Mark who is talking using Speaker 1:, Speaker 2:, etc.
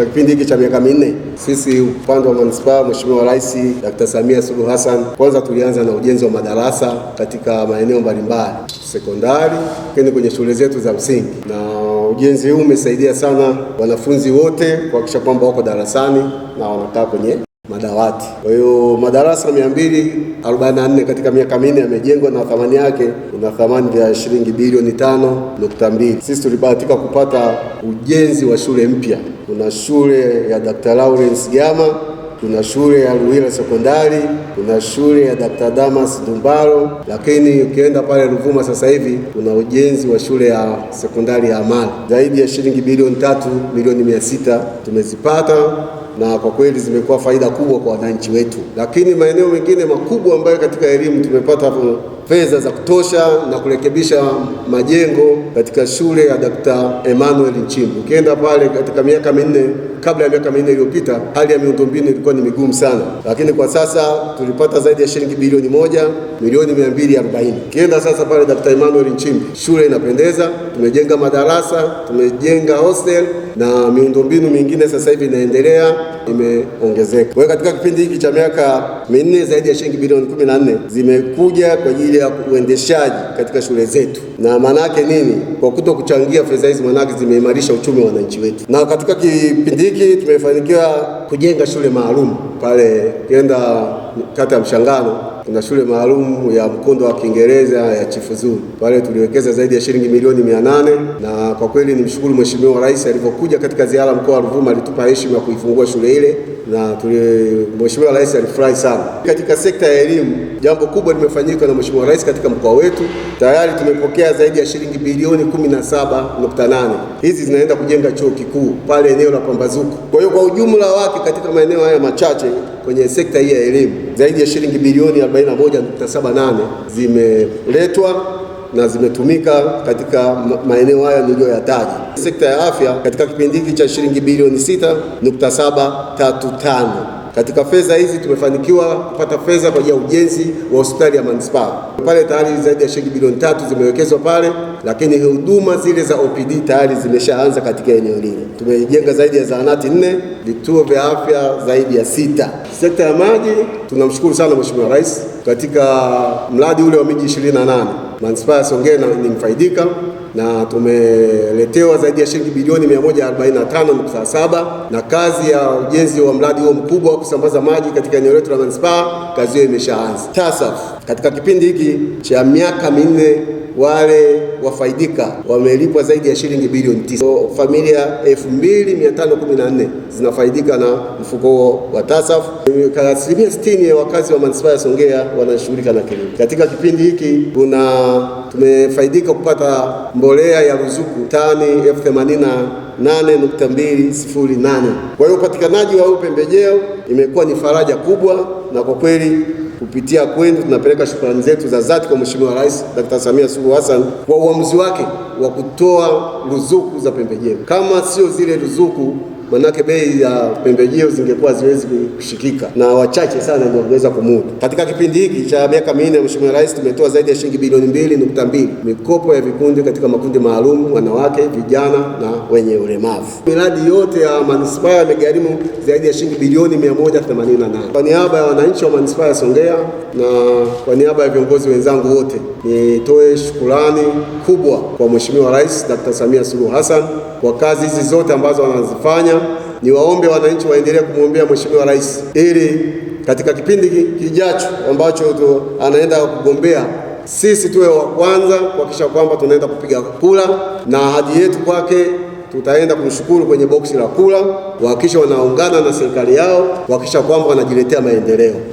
Speaker 1: katika kipindi hiki cha miaka minne, sisi upande wa manispaa, Mheshimiwa Rais Dr. Samia Suluhu Hassan, kwanza tulianza na ujenzi wa madarasa katika maeneo mbalimbali sekondari, lakini kwenye shule zetu za msingi na ujenzi huu umesaidia sana wanafunzi wote kuhakikisha kwamba wako darasani na wanakaa kwenye madawati. Kwa hiyo madarasa 244 katika miaka minne yamejengwa na thamani yake una thamani ya shilingi bilioni 5.2. Sisi tulibahatika kupata ujenzi wa shule mpya kuna shule ya Dr. Lawrence Gama, kuna shule ya Ruwila Sekondari, kuna shule ya Dr. Damas Dumbaro, lakini ukienda pale Ruvuma sasa hivi kuna ujenzi wa shule ya sekondari ya Amali. Zaidi ya shilingi bilioni tatu milioni mia sita tumezipata na kwa kweli zimekuwa faida kubwa kwa wananchi wetu, lakini maeneo mengine makubwa ambayo katika elimu tumepata fedha za kutosha na kurekebisha majengo katika shule ya Dr. Emmanuel Nchimbi. Ukienda pale katika miaka minne kabla ya miaka minne iliyopita hali ya miundombinu ilikuwa ni migumu sana, lakini kwa sasa tulipata zaidi ya shilingi bilioni moja milioni 240. Ukienda sasa pale Dr. Emmanuel Nchimbi, shule inapendeza, tumejenga madarasa, tumejenga hostel na miundombinu mingine sasa hivi inaendelea imeongezeka. Kwa hiyo katika kipindi hiki cha miaka minne zaidi ya shilingi bilioni 14 zimekuja kwa ajili ya uendeshaji katika shule zetu, na yake nini? Kwa kuto kuchangia fedha hizi, yake zimeimarisha uchumi wa wananchi wetu, na katika kipindi hiki tumefanikiwa kujenga shule maalum pale Kienda, kata ya Mshangano kuna shule maalum ya mkondo wa Kiingereza ya Chifuzu, pale tuliwekeza zaidi ya shilingi milioni mia nane na kwa kweli nimshukuru Mheshimiwa Rais alivyokuja katika ziara mkoa wa Ruvuma, alitupa heshima ya kuifungua shule ile na Mheshimiwa Rais alifurahi sana. Katika sekta ya elimu, jambo kubwa limefanyika na Mheshimiwa Rais katika mkoa wetu. Tayari tumepokea zaidi ya shilingi bilioni 17.8, hizi zinaenda kujenga chuo kikuu pale eneo la Pambazuko. Kwa hiyo kwa ujumla wake katika maeneo haya machache kwenye sekta hii ya elimu. Zaidi ya shilingi bilioni 41.78 zimeletwa na zimetumika katika maeneo haya niliyoyataja. Sekta ya afya katika kipindi hiki cha shilingi bilioni 6.735 katika fedha hizi tumefanikiwa kupata fedha kwa ajili ya ujenzi wa hospitali ya manispaa pale. Tayari zaidi ya shilingi bilioni tatu zimewekezwa pale, lakini huduma zile za OPD tayari zimeshaanza katika eneo lile. Tumejenga zaidi ya zahanati nne, vituo vya afya zaidi ya sita. Sekta ya maji tunamshukuru sana Mheshimiwa Rais katika mradi ule wa miji 28 Manispaa ya Songea ni mfaidika na tumeletewa zaidi ya shilingi bilioni 145.7 na kazi ya ujenzi wa mradi huo mkubwa wa kusambaza maji katika eneo letu la manispaa, kazi hiyo imeshaanza sasa. Katika kipindi hiki cha miaka minne wale wafaidika wamelipwa zaidi ya shilingi bilioni tisa. So, familia 2514 zinafaidika na mfuko huo wa TASAF. Asilimia 60 ya wakazi wa manispaa ya Songea wanashughulika na kilimo. Katika kipindi hiki kuna tumefaidika kupata mbolea ya ruzuku tani elfu Kwa hiyo upatikanaji wa pembejeo imekuwa ni faraja kubwa na kwa kweli Kupitia kwenu tunapeleka shukrani zetu za dhati kwa Mheshimiwa Rais Dr. Samia Suluhu Hassan kwa uamuzi wake wa kutoa ruzuku za pembejeo. Kama sio zile ruzuku manake bei ya pembejeo zingekuwa ziwezi kushikika na wachache sana ndio wangeweza kumudu. Katika kipindi hiki cha miaka minne, Mheshimiwa Rais, tumetoa zaidi ya shilingi bilioni mbili nukta mbili mikopo ya vikundi katika makundi maalum, wanawake, vijana na wenye ulemavu. Miradi yote ya manispaa yamegharimu zaidi ya shilingi bilioni 188. Kwa niaba ya wananchi wa manispaa ya Songea na kwa niaba ya viongozi wenzangu wote, nitoe shukurani kubwa kwa Mheshimiwa Rais Dr. Samia Suluhu Hassan kwa kazi hizi zote ambazo wanazifanya niwaombe wananchi waendelee kumwombea Mheshimiwa Rais ili katika kipindi kijacho ambacho anaenda kugombea sisi tuwe wa kwanza kuhakikisha kwamba tunaenda kupiga kura, na ahadi yetu kwake tutaenda kumshukuru kwenye boksi la kura, kuhakikisha wanaungana na serikali yao, kuhakikisha kwamba wanajiletea maendeleo.